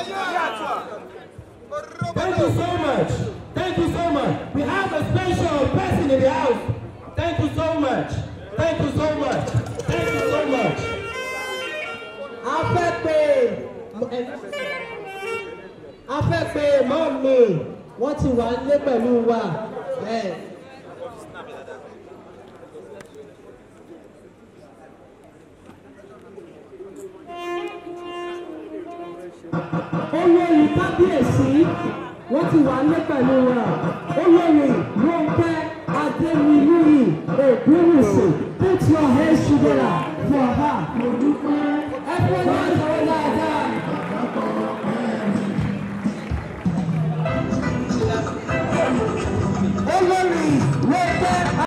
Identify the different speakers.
Speaker 1: Thank
Speaker 2: you so much. Thank you so much. We have a special person in the house. Thank you so much. Thank you so much. Thank you so much.
Speaker 1: A fẹ́ pé eh, a fẹ́ pé me wọ́n ti wà olórí kábíyèsí wọ́n ti wà ní pẹ̀lú wa olórí Rónkẹ́ Adémilúyì Ògúnwùsì put your hands together for her.